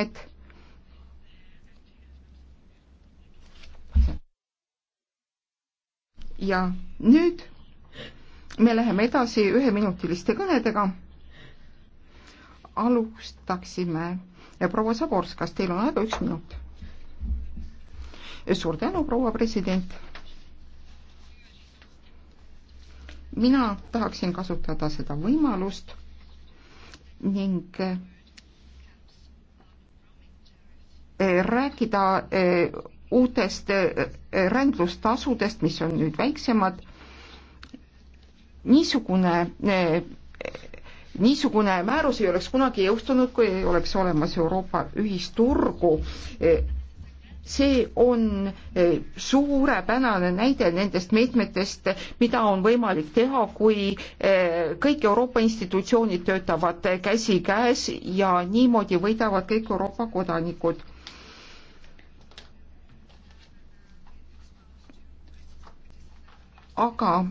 et ja nüüd me läheme edasi üheminutiliste kõnedega. alustaksime proua Sabors, kas teil on aega üks minut? suur tänu, proua president. mina tahaksin kasutada seda võimalust ning rääkida eh, uutest eh, rändlustasudest, mis on nüüd väiksemad. niisugune, eh, niisugune määrus ei oleks kunagi jõustunud, kui ei oleks olemas Euroopa ühisturgu see on suurepärane näide nendest meetmetest, mida on võimalik teha, kui kõik Euroopa institutsioonid töötavad käsikäes ja niimoodi võidavad kõik Euroopa kodanikud. aga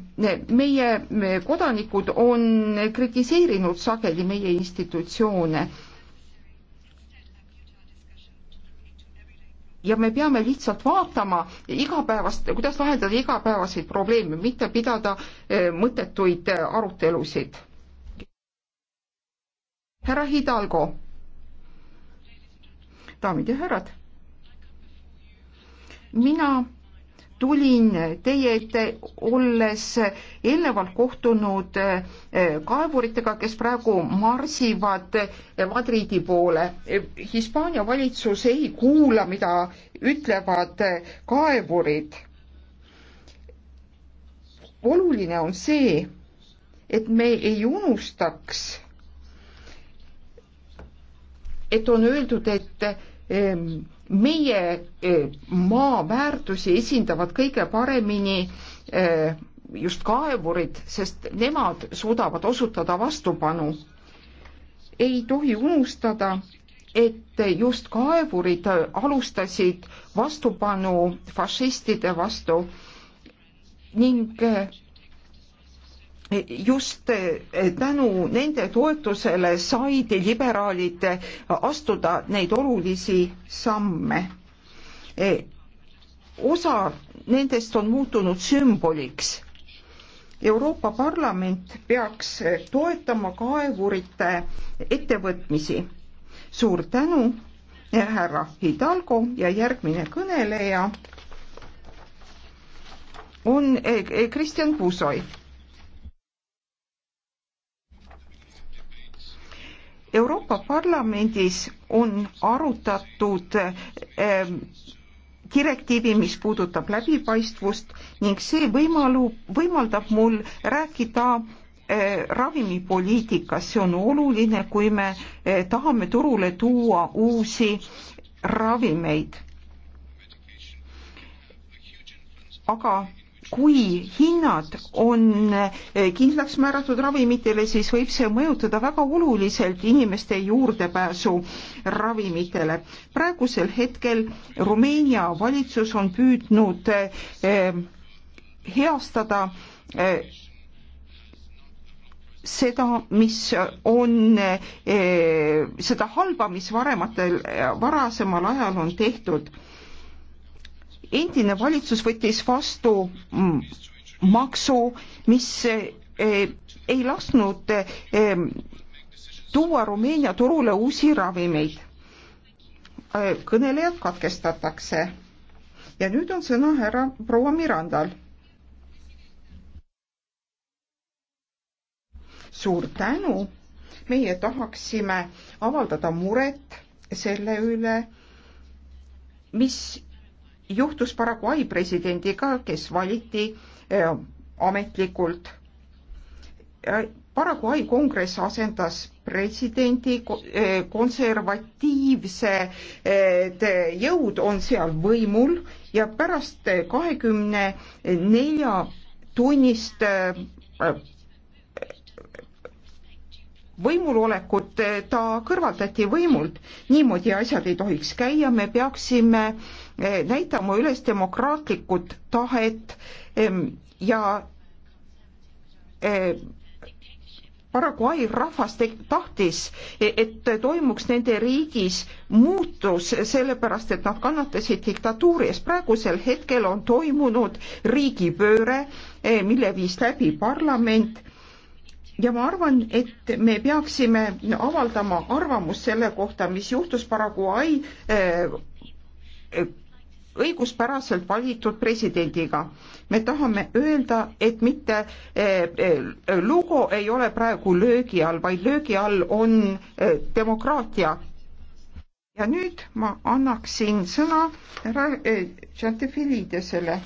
meie kodanikud on kritiseerinud sageli meie institutsioone. ja me peame lihtsalt vaatama igapäevast, kuidas lahendada igapäevaseid probleeme, mitte pidada eh, mõttetuid eh, arutelusid. härra Hidalgo. daamid ja härrad. mina tulin teie ette, olles eelnevalt kohtunud eh, kaevuritega, kes praegu marsivad eh, Madridi poole. Hispaania valitsus ei kuula, mida ütlevad eh, kaevurid. oluline on see, et me ei unustaks, et on öeldud, et meie eh, maa väärtusi esindavad kõige paremini eh, just kaevurid, sest nemad suudavad osutada vastupanu. ei tohi unustada, et just kaevurid alustasid vastupanu fašistide vastu ning eh, just eh, tänu nende toetusele said liberaalid eh, astuda neid olulisi samme. Eh, osa nendest on muutunud sümboliks. Euroopa Parlament peaks toetama kaevurite ettevõtmisi. suur tänu, härra Hidalgo ja järgmine kõneleja on Kristjan Pusoi Euroopa Parlamendis on arutatud ähm, direktiivi, mis puudutab läbipaistvust ning see võimalu, võimaldab mul rääkida äh, ravimipoliitikas, see on oluline, kui me äh, tahame turule tuua uusi ravimeid. aga kui hinnad on eh, kindlaks määratud ravimitele, siis võib see mõjutada väga oluliselt inimeste juurdepääsu ravimitele. praegusel hetkel Rumeenia valitsus on püüdnud eh, heastada eh, seda, mis on, seda halba, mis varematel, varasemal ajal on tehtud endine valitsus võttis vastu mm, maksu, mis eh, eh, ei lasknud eh, tuua Rumeenia turule uusi ravimeid. kõnelejad katkestatakse ja nüüd on sõna härra proua Mirandal. suur tänu, meie tahaksime avaldada muret selle üle, mis juhtus Paraguay presidendiga, kes valiti eh, ametlikult. Äh, Paraguay kongress asendas presidendi eh, konservatiivse eh, jõud on seal võimul ja pärast kahekümne nelja tunnist äh, võimulolekut, eh, ta kõrvaldati võimult. niimoodi asjad ei tohiks käia, me peaksime eh, näitama üles demokraatlikud tahet ja eh, Paraguay rahvas tahtis, et toimuks nende riigis muutus, sellepärast et nad kannatasid diktatuuri ees. praegusel hetkel on toimunud riigipööre, mille viis läbi parlament ja ma arvan, et me peaksime avaldama arvamust selle kohta, mis juhtus Paraguay eh, õiguspäraselt valitud presidendiga. me tahame öelda, et mitte eh, eh, Lugo ei ole praegu löögi all, vaid löögi all on demokraatia. ja nüüd ma annaksin sõna härra Tšantefilidesele äh,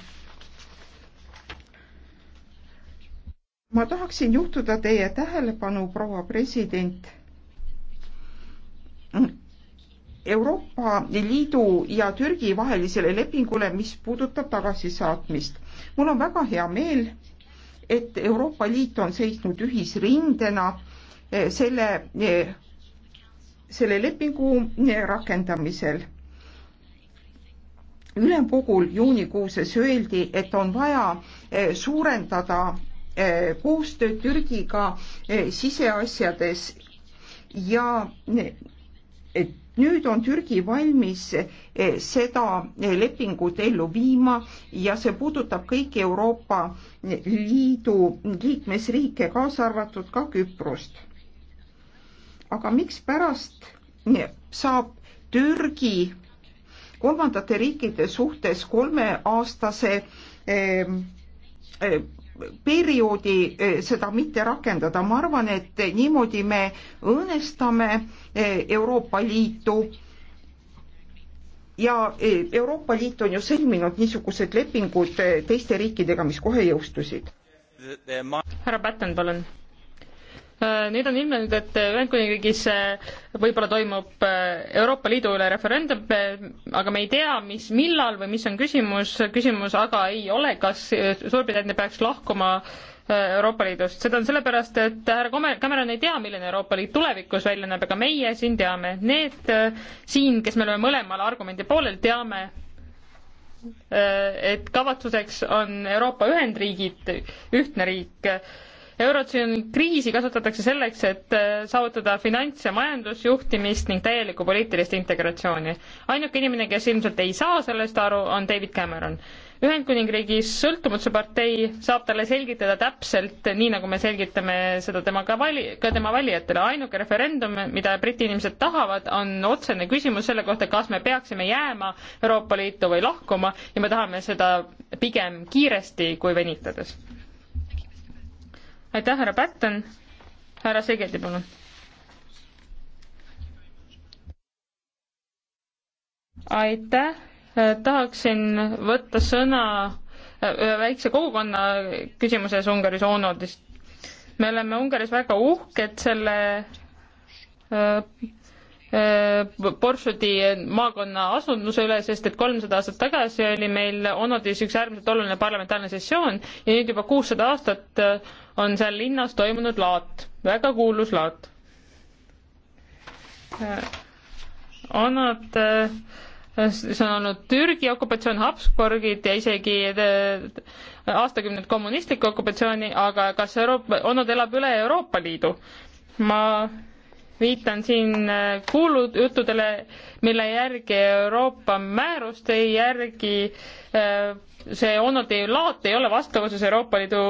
ma tahaksin juhtuda teie tähelepanu, proua president. Euroopa Liidu ja Türgi vahelisele lepingule, mis puudutab tagasisaatmist. mul on väga hea meel, et Euroopa Liit on seisnud ühisrindena eh, selle, eh, selle lepingu eh, rakendamisel ülemkogul juunikuuses öeldi, et on vaja suurendada Eh, koostööd Türgiga eh, siseasjades ja eh, et nüüd on Türgi valmis seda lepingut ellu viima ja see puudutab kõiki Euroopa Liidu liikmesriike, kaasa arvatud ka Küprost. aga mikspärast saab Türgi kolmandate riikide suhtes kolmeaastase perioodi eh, seda mitte rakendada. ma arvan, et niimoodi me õõnestame eh, Euroopa Liitu. ja eh, Euroopa Liit on ju sõlminud niisugused lepingud teiste riikidega, mis kohe jõustusid. Äh, äh, härra Patten, palun Äh, nüüd on ilmnenud, et Ühendkuningriigis äh, võib-olla toimub äh, Euroopa Liidu üle referendum, aga me ei tea, mis, millal või mis on küsimus, küsimus aga ei ole, kas Suurbritannia peaks lahkuma Euroopa Liidust, seda on sellepärast, et härra Cameron ei tea, milline Euroopa Liit tulevikus välja näeb, aga meie siin teame, need siin, kes me oleme mõlemal argumendi poolel, teame, et kavatsuseks on Euroopa Ühendriigid, ühtne riik Eurotsooni kriisi kasutatakse selleks, et äh, saavutada finants- ja majandusjuhtimist ning täielikku poliitilist integratsiooni. ainuke inimene, kes ilmselt ei saa sellest aru, on David Cameron. Ühendkuningriigis Sõltumatuse partei saab talle selgitada täpselt nii, nagu me selgitame seda temaga vali-, ka tema valijatele. ainuke referendum, mida Briti inimesed tahavad, on otsene küsimus selle kohta, kas me peaksime jääma Euroopa Liitu või lahkuma ja me tahame seda pigem kiiresti kui venitades aitäh, härra Patten. härra Segedi, palun. aitäh, tahaksin võtta sõna ühe äh, väikse kogukonna küsimuses Ungaris Onodist. me oleme Ungaris väga uhked selle äh, Borsodi äh, maakonna asunduse üle, sest et kolmsada aastat tagasi oli meil Onodis üks äärmiselt oluline parlamentaarne sessioon ja nüüd juba kuussada aastat äh, on seal linnas toimunud laat, väga kuulus laat. Äh, Onod, see on olnud Türgi okupatsioon, Habsburgid ja isegi aastakümned kommunistliku okupatsiooni, aga kas Euroopa, Onod elab üle Euroopa Liidu? ma viitan siin äh, kuulujuttudele, mille järgi Euroopa määrust ei järgi äh, see Onodi laat ei ole vastavuses Euroopa Liidu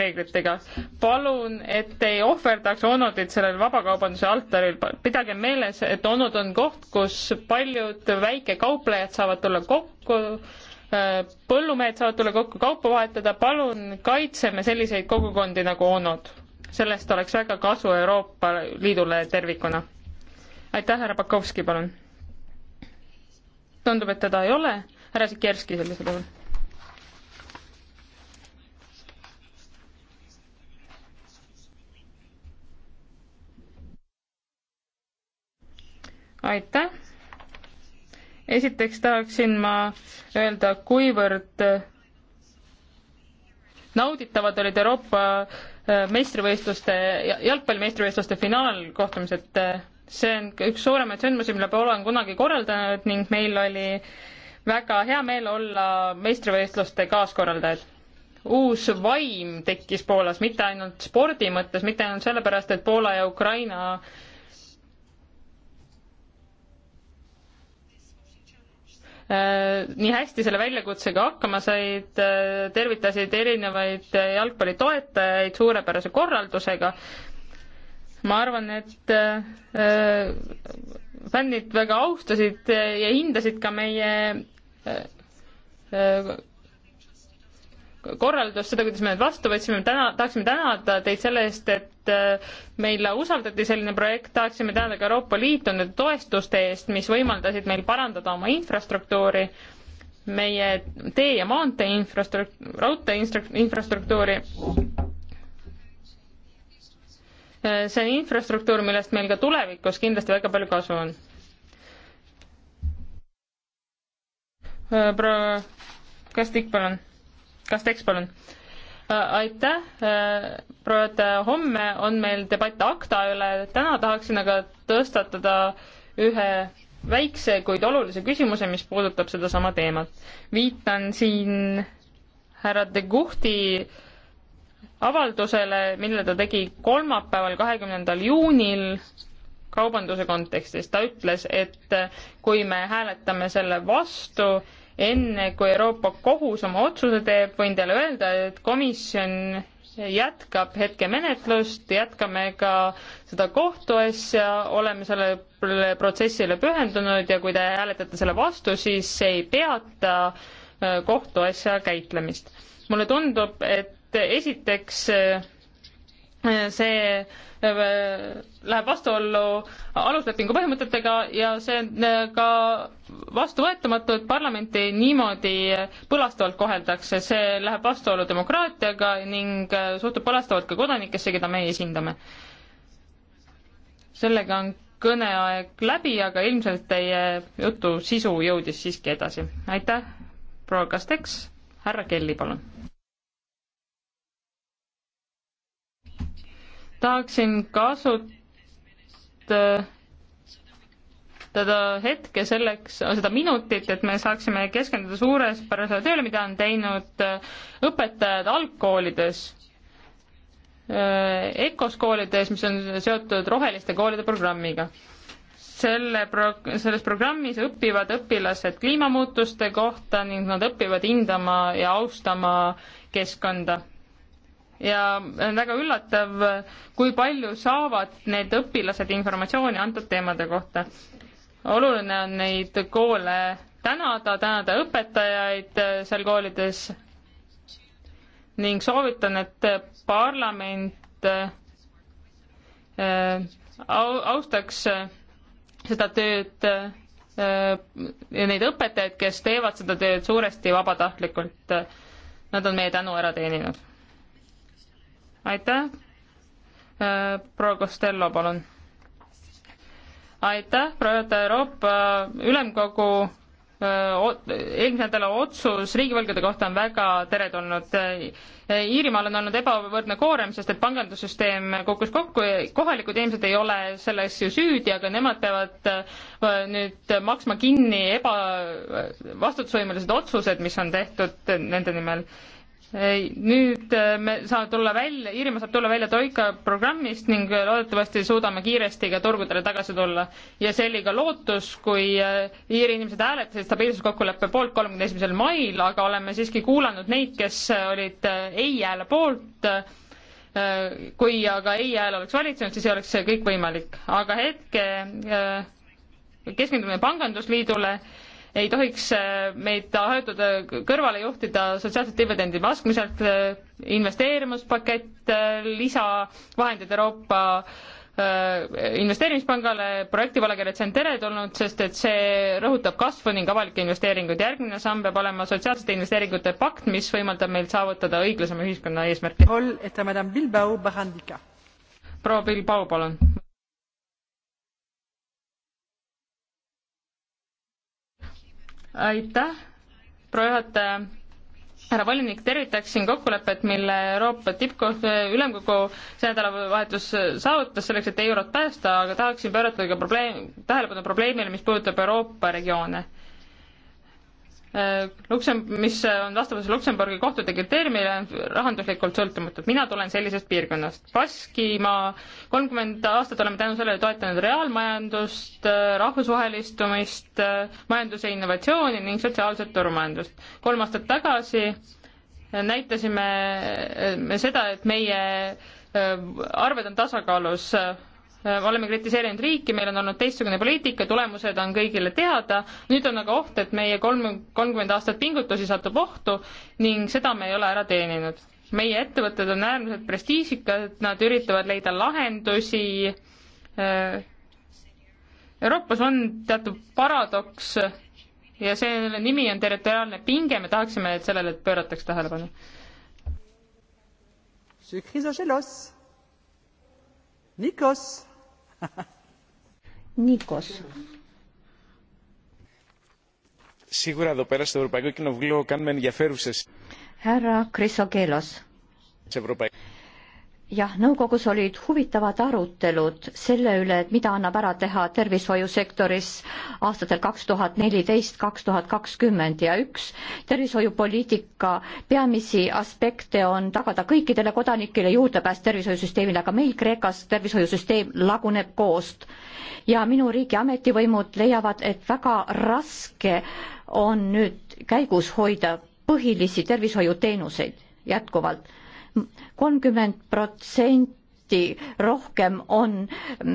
reeglitega. palun, et ei ohverdaks Onodit sellel vabakaubanduse altaril. pidage meeles, et Onod on koht, kus paljud väikekauplejad saavad tulla kokku, äh, põllumehed saavad tulla kokku kaupa vahetada. palun kaitseme selliseid kogukondi nagu Onod sellest oleks väga kasu Euroopa Liidule tervikuna. aitäh, härra Bakovski, palun. tundub, et teda ei ole, härra Sikerski sellisel juhul. aitäh. esiteks tahaksin ma öelda, kuivõrd nauditavad olid Euroopa meistrivõistluste, jalgpalli meistrivõistluste finaalkohtumised. see on üks suuremaid sündmusi, mille poole olen kunagi korraldanud ning meil oli väga hea meel olla meistrivõistluste kaaskorraldajad. uus vaim tekkis Poolas, mitte ainult spordi mõttes, mitte ainult sellepärast, et Poola ja Ukraina äh, Äh, nii hästi selle väljakutsega hakkama said, äh, tervitasid erinevaid äh, jalgpallitoetajaid suurepärase korraldusega. ma arvan, et fännid väga austasid ja hindasid ka meie korraldust, seda, kuidas me need vastu võtsime, täna, tahaksime tänada teid selle eest, et et äh, meile usaldati selline projekt, tahaksime tänada ka Euroopa Liitu nende toestuste eest, mis võimaldasid meil parandada oma infrastruktuuri, meie tee- ja maantee infrastruktuur, raudtee infrastruktuuri. Äh, see on infrastruktuur, millest meil ka tulevikus kindlasti väga palju kasu on äh, pro-, kas tikk palun, kas tekst palun? aitäh, äh, proua juhataja, äh, homme on meil debatt akta üle, täna tahaksin aga tõstatada ühe väikse, kuid olulise küsimuse, mis puudutab sedasama teemat. viitan siin härra De Guhti avaldusele, mille ta tegi kolmapäeval, kahekümnendal juunil kaubanduse kontekstis. ta ütles, et kui me hääletame selle vastu, enne kui Euroopa Kohus oma otsuse teeb, võin teile öelda, et komisjon jätkab hetkemenetlust, jätkame ka seda kohtuasja, oleme sellele protsessile pühendunud ja kui te hääletate selle vastu, siis see ei peata äh, kohtuasja käitlemist. mulle tundub, et esiteks äh, see äh, läheb vastuollu aluslepingu põhimõtetega ja see on äh, ka vastuvõetamatu, et parlamenti niimoodi põlastavalt koheldakse, see läheb vastuollu demokraatiaga ning äh, suhtub põlastavalt ka kodanikesse, keda meie esindame. sellega on kõneaeg läbi, aga ilmselt teie jutu sisu jõudis siiski edasi. aitäh, proua Kasteks, härra Kelly, palun! tahaksin kasutada hetke selleks, seda minutit, et me saaksime keskenduda suurepärasele tööle, mida on teinud äh, õpetajad algkoolides, äh, ekoskoolides, mis on seotud roheliste koolide programmiga selle pro-, selles programmis õpivad õpilased kliimamuutuste kohta ning nad õpivad hindama ja austama keskkonda ja on väga üllatav, kui palju saavad need õpilased informatsiooni antud teemade kohta. oluline on neid koole tänada, tänada õpetajaid äh, seal koolides ning soovitan, et parlament äh, austaks äh, seda tööd ja neid õpetajaid, kes teevad seda tööd suuresti vabatahtlikult. Nad on meie tänu ära teeninud aitäh. Äh, proua Costello, palun. aitäh, proua juhataja, Euroopa äh, Ülemkogu äh, eelmise nädala otsus riigivõlgade kohta on väga teretulnud. Iirimaal on olnud ebavõrdne koorem, sest et pangandussüsteem kukkus kokku ja kohalikud inimesed ei ole selles ju süüdi, aga nemad peavad nüüd maksma kinni eba, vastutusvõimelised otsused, mis on tehtud nende nimel nüüd äh, me saame tulla välja, Iirimaa saab tulla välja Troika programmist ning äh, loodetavasti suudame kiiresti ka turgudele tagasi tulla. ja see oli ka lootus, kui äh, Iiri inimesed hääletasid stabiilsuskokkuleppe poolt kolmekümne esimesel mail, aga oleme siiski kuulanud neid, kes olid ei hääle poolt. kui aga ei hääl oleks valitsenud, siis ei oleks see kõik võimalik, aga hetke keskendumine pangandusliidule ei tohiks äh, meid ajutada, kõrvale juhtida sotsiaalset dividendi laskmiselt, äh, investeerimispakett, äh, lisavahendid Euroopa investeerimispangale, projektivõlakirjad, see on teretulnud, sest et see rõhutab kasvu ning avalikke investeeringuid. järgmine samm peab olema sotsiaalsete investeeringute pakt, mis võimaldab meil saavutada õiglasema ühiskonna eesmärke. proua Bilbao, palun aitäh, proua juhataja. härra volinik, tervitaksin kokkulepet, mille Euroopa tippkoht-, ülemkogu see nädalavahetus saavutas selleks, et eurot päästa, aga tahaksin pöörata ka probleem, tähelepanu probleemile, mis puudutab Euroopa regioone Luksem-, mis on vastavuses Luksemburgi kohtute kriteeriumile, rahanduslikult sõltumatud. mina tulen sellisest piirkonnast. Baskimaa, kolmkümmend aastat oleme tänu sellele toetanud reaalmajandust, rahvusvahelistumist, majanduse innovatsiooni ning sotsiaalset turumajandust. kolm aastat tagasi näitasime me seda, et meie arved on tasakaalus Äh, oleme kritiseerinud riiki, meil on olnud teistsugune poliitika, tulemused on kõigile teada, nüüd on aga oht, et meie kolm, kolmkümmend aastat pingutusi satub ohtu ning seda me ei ole ära teeninud. meie ettevõtted on äärmiselt prestiižikad, nad üritavad leida lahendusi, äh, Euroopas on teatud paradoks ja selle nimi on territoriaalne pinge, me tahaksime, et sellele pöörataks tähelepanu. Nikos Νίκος. Σίγουρα εδώ πέρα στο Ευρωπαϊκό Κοινοβούλιο κάνουμε ενδιαφέρουσες. Χαρά Κρυσοκέλος jah, nõukogus olid huvitavad arutelud selle üle, et mida annab ära teha tervishoiusektoris aastatel kaks tuhat neliteist, kaks tuhat kakskümmend ja üks tervishoiupoliitika peamisi aspekte on tagada kõikidele kodanikele juurdepääs tervishoiusüsteemile, aga meil Kreekas tervishoiusüsteem laguneb koost. ja minu riigi ametivõimud leiavad, et väga raske on nüüd käigus hoida põhilisi tervishoiuteenuseid jätkuvalt kolmkümmend protsenti rohkem on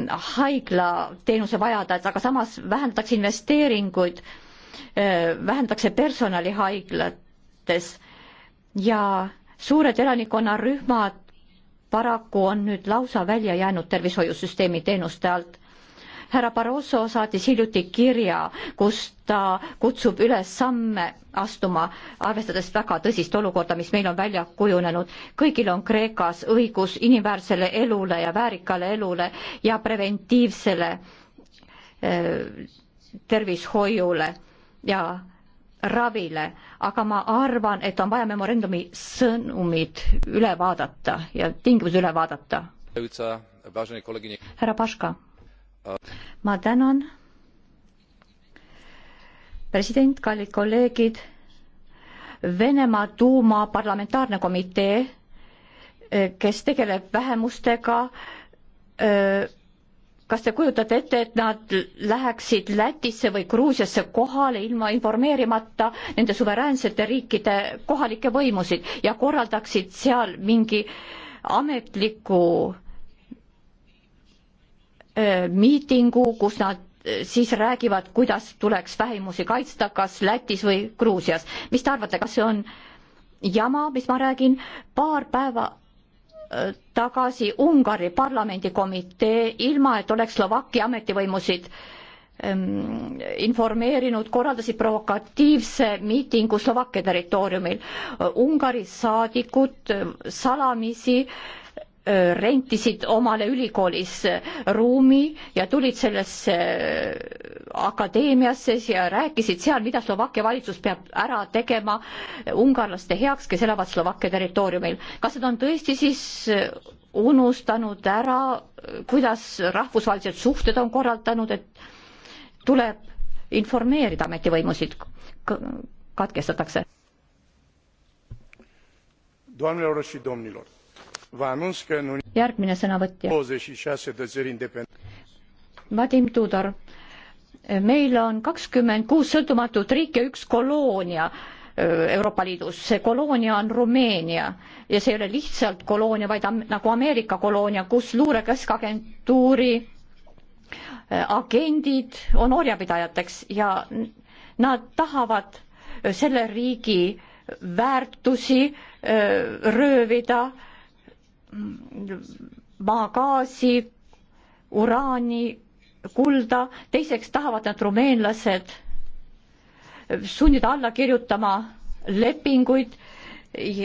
haiglateenuse vajadajad, aga samas vähendatakse investeeringuid, vähendatakse personali haiglates ja suured elanikkonnarühmad paraku on nüüd lausa välja jäänud tervishoiusüsteemi teenuste alt härra Barroso saatis hiljuti kirja, kus ta kutsub üles samme astuma, arvestades väga tõsist olukorda, mis meil on välja kujunenud. kõigil on Kreekas õigus inimväärsele elule ja väärikale elule ja preventiivsele eh, tervishoiule ja ravile, aga ma arvan, et on vaja memorandumi sõnumid üle vaadata ja tingimused üle vaadata. härra Paška ma tänan. president, kallid kolleegid. Venemaa Duuma parlamentaarne komitee, eh, kes tegeleb vähemustega. Eh, kas te kujutate ette, et nad läheksid Lätisse või Gruusiasse kohale ilma informeerimata nende suveräänsete riikide kohalikke võimusid ja korraldaksid seal mingi ametliku Äh, miitingu, kus nad äh, siis räägivad, kuidas tuleks vähemusi kaitsta, kas Lätis või Gruusias. mis te arvate, kas see on jama, mis ma räägin, paar päeva äh, tagasi Ungari parlamendikomitee, ilma et oleks Slovakkia ametivõimusid ähm, informeerinud, korraldasid provokatiivse miitingu Slovakkia territooriumil. Ungari saadikud salamisi äh, rentisid omale ülikoolis ruumi ja tulid sellesse akadeemiasse ja rääkisid seal, mida Slovakkia valitsus peab ära tegema ungarlaste heaks, kes elavad Slovakkia territooriumil. kas nad on tõesti siis unustanud ära, kuidas rahvusvahelised suhted on korraldanud, et tuleb informeerida ametivõimusid, katkestatakse? doamnelor și domnilor järgmine sõnavõtja. Vadim Tudor, meil on kakskümmend kuus sõltumatut riiki ja üks koloonia äh, Euroopa Liidus, see koloonia on Rumeenia ja see ei ole lihtsalt koloonia, vaid nagu Ameerika koloonia, kus luurekeskagentuuri äh, agendid on orjapidajateks ja nad tahavad äh, selle riigi väärtusi röövida maagaasi, uraani, kulda, teiseks tahavad nad rumeenlased sunnida alla kirjutama lepinguid,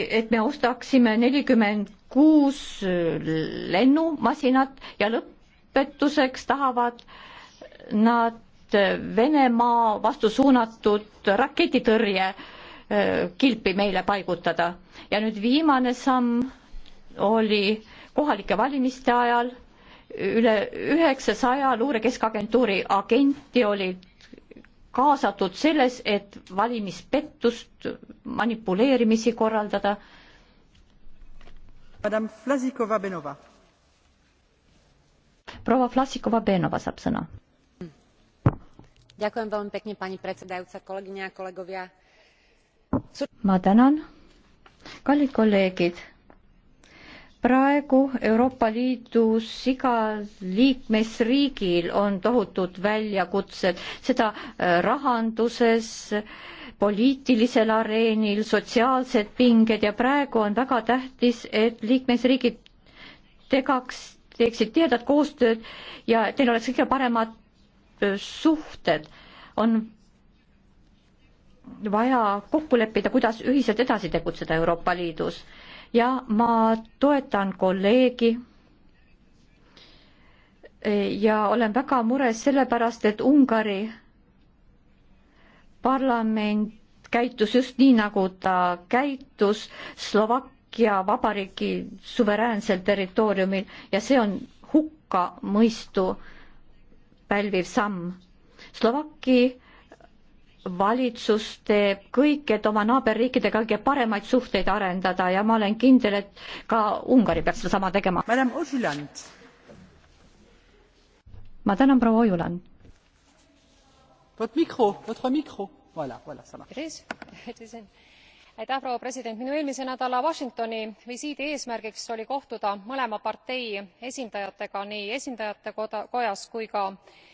et me ostaksime nelikümmend kuus lennumasinat ja lõpetuseks tahavad nad Venemaa vastu suunatud raketitõrje eh, kilpi meile paigutada. ja nüüd viimane samm oli kohalike valimiste ajal üle üheksasaja luure keskagentuuri agenti olid kaasatud selles, et valimispettust, manipuleerimisi korraldada. proua Vlasikova-Benova saab sõna. ma tänan, kallid kolleegid praegu Euroopa Liidus igal liikmesriigil on tohutud väljakutsed, seda äh, rahanduses, poliitilisel areenil, sotsiaalsed pinged ja praegu on väga tähtis, et liikmesriigid tegaks, teeksid tihedat koostööd ja et neil oleks kõige paremad äh, suhted. on vaja kokku leppida, kuidas ühiselt edasi tegutseda Euroopa Liidus ja ma toetan kolleegi e, ja olen väga mures sellepärast, et Ungari parlament käitus just nii, nagu ta käitus Slovakkia vabariigi suveräänsel territooriumil ja see on hukkamõistu pälviv samm. Slovakki valitsus teeb kõik, et oma naaberriikidega kõige paremaid suhteid arendada ja ma olen kindel, et ka Ungari peaks sedasama tegema. ma tänan, proua Ojuland. aitäh, proua president, minu eelmise nädala Washingtoni visiidi eesmärgiks oli kohtuda mõlema partei esindajatega nii esindajate koda, kojas kui ka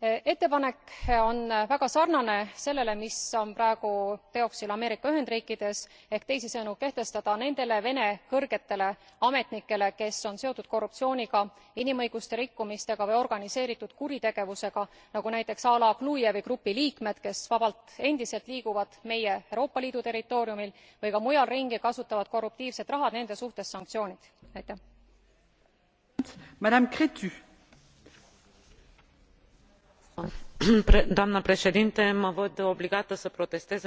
Eh, ettepanek eh, on eh, väga sarnane sellele mis on praegu teoksil ameerika ühendriikides ehk teisisõnu kehtestada nendele vene kõrgetele ametnikele kes on seotud korruptsiooniga inimõiguste rikkumistega või organiseeritud kuritegevusega nagu näiteks la klujevi grupi liikmed kes vabalt endiselt liiguvad meie euroopa liidu territooriumil või ka mujal ringi kasutavad korruptiivset raha nende suhtes sanktsioonid doamnă președinte mă văd obligată să protestez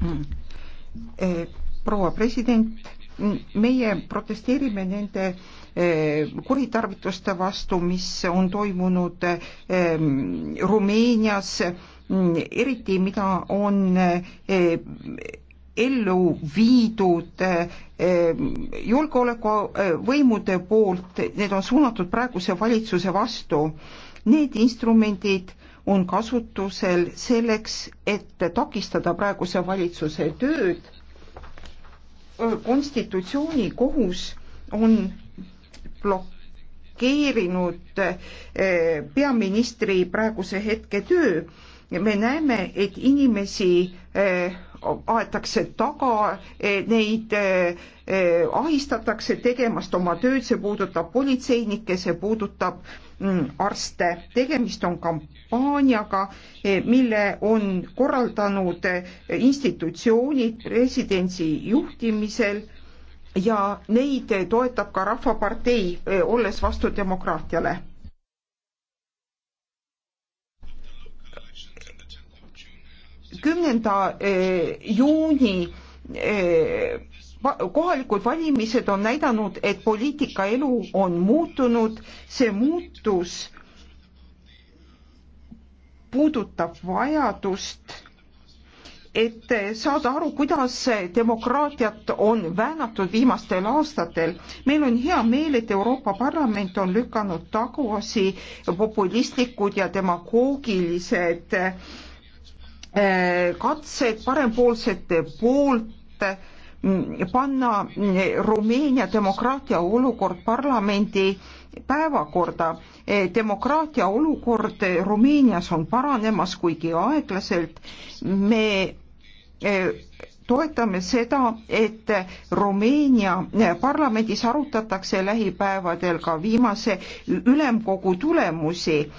hmm. e, proua president meie protesteerime nende kuritarvituste vastu mis on toimunud e, rumeenias hmm, eriti mida on e, ellu viidud julgeolekuvõimude poolt, need on suunatud praeguse valitsuse vastu Need instrumendid on kasutusel selleks, et takistada praeguse valitsuse tööd. konstitutsioonikohus on blokeerinud eh, peaministri praeguse hetke töö. me näeme, et inimesi eh, aetakse taga, eh, neid eh, eh, ahistatakse tegemast oma tööd, see puudutab politseinikke, see puudutab mm, arste. tegemist on kampaaniaga, mille on korraldanud institutsioonid presidendi juhtimisel ja neid toetab ka Rahvapartei, olles vastu demokraatiale kümnenda eh, juuni eh, kohalikud valimised on näidanud, et poliitika elu on muutunud, see muutus puudutab vajadust, et saada aru, kuidas demokraatiat on väänatud viimastel aastatel. meil on hea meel, et Euroopa Parlament on lükanud tagasi populistlikud ja demagoogilised äh, Eh, katsed parempoolsete poolt mm, panna eh, Rumeenia demokraatia olukord parlamendi päevakorda. Eh, demokraatia olukord Rumeenias on paranemas, kuigi aeglaselt. me toetame seda, et Rumeenia parlamendis arutatakse lähipäevadel ka viimase ülemkogu tulemusi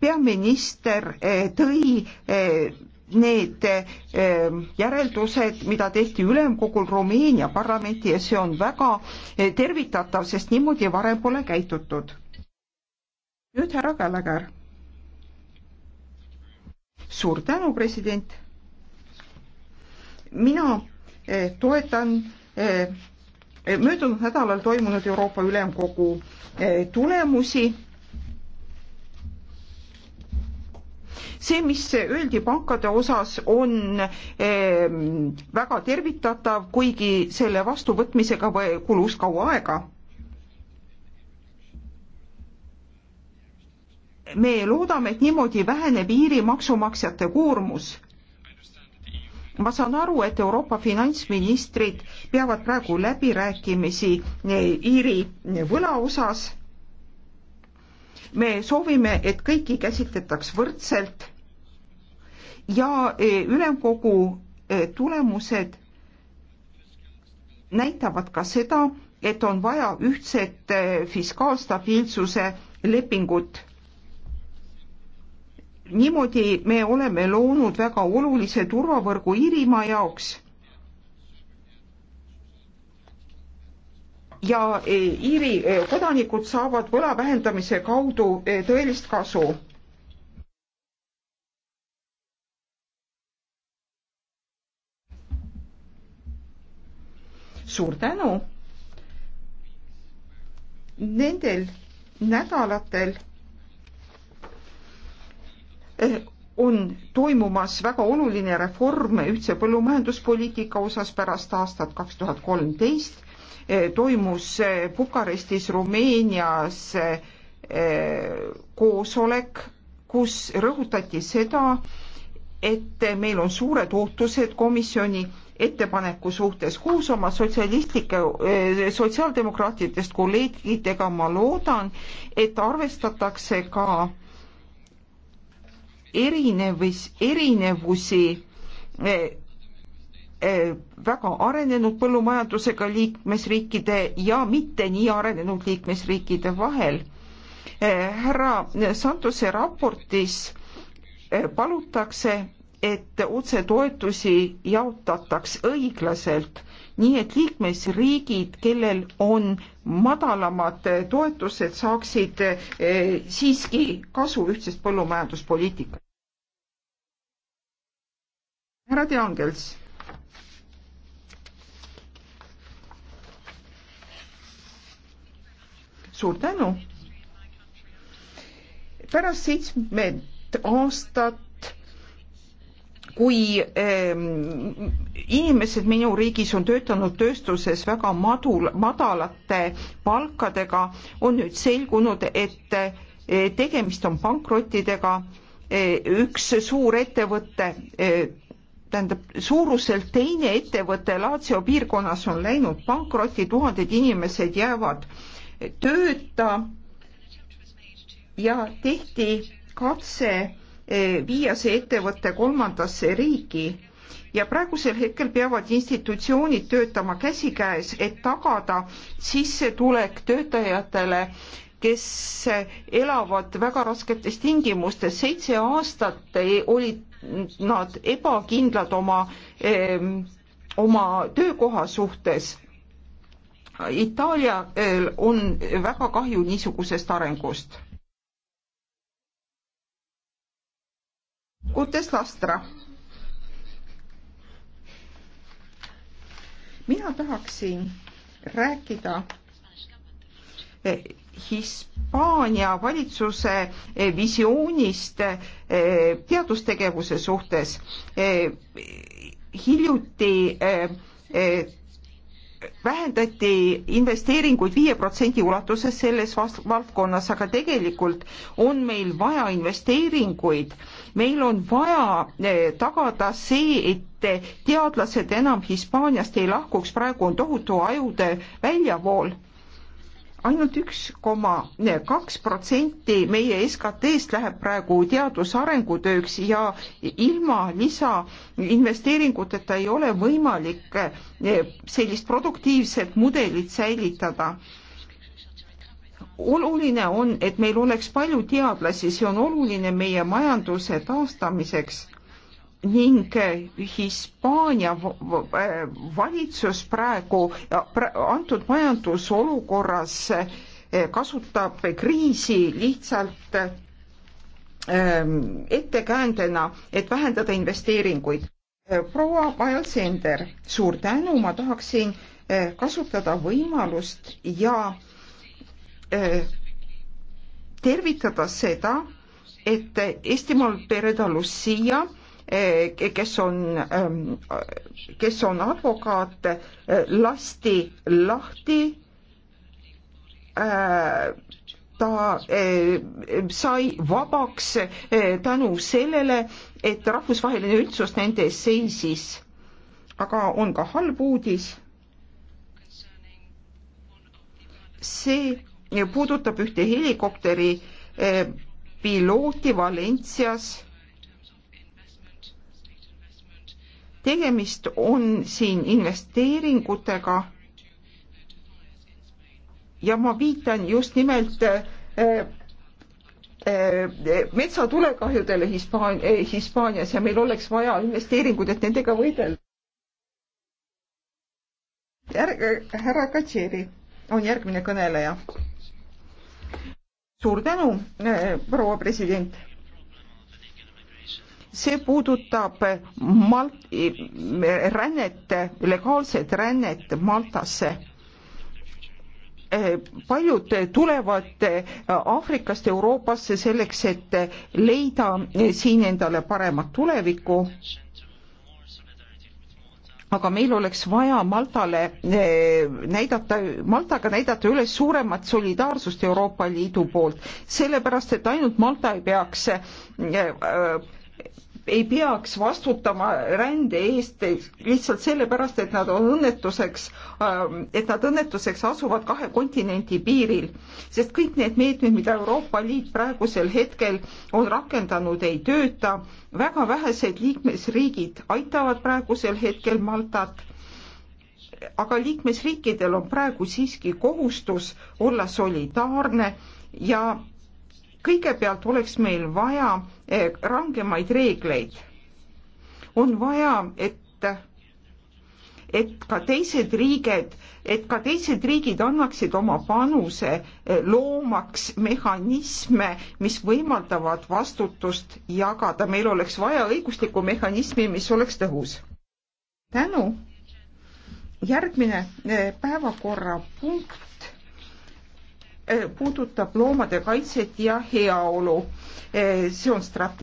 peaminister eh, tõi eh, need eh, järeldused, mida tehti ülemkogul Rumeenia parlamenti ja see on väga tervitatav, sest niimoodi varem pole käitutud. nüüd härra Källekäär. suur tänu, president. mina toetan möödunud nädalal toimunud Euroopa Ülemkogu tulemusi see, mis öeldi pankade osas, on ehm, väga tervitatav, kuigi selle vastuvõtmisega kulus kaua aega me loodame, et niimoodi väheneb Iiri maksumaksjate koormus. ma saan aru, et Euroopa finantsministrid peavad praegu läbirääkimisi eh, Iiri võla osas me soovime, et kõiki käsitletaks võrdselt ja e, ülemkogu e, tulemused näitavad ka seda, et on vaja ühtset e, fiskaalstabiilsuse lepingut. niimoodi me oleme loonud väga olulise turvavõrgu Iirimaa jaoks ja e, Iiri e, kodanikud saavad võla vähendamise kaudu e, tõelist kasu. suur tänu. Nendel nädalatel on toimumas väga oluline reform ühtse põllumajanduspoliitika osas pärast aastat kaks tuhat kolmteist. toimus Bukarestis Rumeenias eh, koosolek, kus rõhutati seda, et meil on suured ootused komisjoni ettepaneku suhtes koos oma sotsialistlike, eh, sotsiaaldemokraatidest kolleegidega ma loodan, et arvestatakse ka äh, erinevus, erinevusi eh, eh, väga arenenud põllumajandusega liikmesriikide ja mitte nii arenenud liikmesriikide vahel. Eh, härra Santuse raportis palutakse, et otsetoetusi jaotataks õiglaselt, nii et liikmesriigid, kellel on madalamad toetused, saaksid siiski kasu ühtsest põllumajanduspoliitikast härra De Angels. suur tänu. pärast seitsmet aastat kui ähm, inimesed minu riigis on töötanud tööstuses väga madul, madalate palkadega, on nüüd selgunud, et äh, tegemist on pankrottidega äh,. Eh, üks suur ettevõte äh, tähendab, suuruselt teine ettevõte Laatsio piirkonnas on läinud pankrotti, tuhanded inimesed jäävad tööta ja tehti katse eh, viia see ettevõte kolmandasse riigi ja praegusel hetkel peavad institutsioonid töötama käsikäes, et tagada sissetulek töötajatele, kes elavad väga rasketes tingimustes. seitse aastat olid nad ebakindlad oma, oma töökoha suhtes. Itaalial on väga kahju niisugusest arengust. Kutes Lastra. mina tahaksin rääkida Hispaania valitsuse eh, visioonist eh, teadustegevuse suhtes. Eh, hiljuti vähendati investeeringuid viie protsendi ulatuses selles valdkonnas, aga tegelikult on meil vaja investeeringuid. meil on vaja tagada see, et teadlased enam Hispaaniast ei lahkuks, praegu on tohutu ajude väljavool ainult üks koma kaks protsenti meie SKT-st läheb praegu teadus-arengutööks ja ilma lisainvesteeringuteta ei ole võimalik sellist produktiivset mudelit säilitada oluline on, et meil oleks palju teadlasi, see on oluline meie majanduse taastamiseks ning Hispaania eh, valitsus praegu antud majandusolukorras eh, kasutab kriisi lihtsalt ehm, ettekäändena, et vähendada investeeringuid. Eh, proua Majal-Sender, suur tänu, ma tahaksin kasutada võimalust ja tervitada seda, et Eestimaal Pere Dalusia Eh, kes on, ehm, kes on advokaat, eh, lasti lahti. Eh, ta sai vabaks tänu sellele, et rahvusvaheline üldsus nende eest seisis. aga on ka halb uudis. see puudutab ühte helikopteri pilooti Valencias tegemist on siin investeeringutega ja ma viitan just nimelt äh, äh, metsatulekahjudele Hispaan- äh,, Hispaanias ja meil oleks vaja investeeringuid, et nendega võidelda. järg-, äh, härra Katseri on järgmine kõneleja. suur tänu, äh, proua president see puudutab Malt-, rännet, legaalset rännet Maltasse paljud tulevad Aafrikast Euroopasse selleks, et leida siin endale paremat tulevikku. aga meil oleks vaja Maltale näidata, Maltaga näidata üles suuremat solidaarsust Euroopa Liidu poolt, sellepärast et ainult Malta ei peaks ei peaks vastutama rände eest lihtsalt sellepärast, et nad on õnnetuseks, ähm, et nad õnnetuseks asuvad kahe kontinendi piiril. sest kõik need meetmed, mida Euroopa Liit praegusel hetkel on rakendanud, ei tööta. väga vähesed liikmesriigid aitavad praegusel hetkel Maltat aga liikmesriikidel on praegu siiski kohustus olla solidaarne ja kõigepealt oleks meil vaja eh, rangemaid reegleid. on vaja, et, et ka teised riigid, et ka teised riigid annaksid oma panuse eh, loomaks mehhanisme, mis võimaldavad vastutust jagada. meil oleks vaja õiguslikku mehhanismi, mis oleks tõhus. tänu. järgmine eh, päevakorrapunkt puudutab loomade kaitset ja heaolu. Eh, see on strateegia.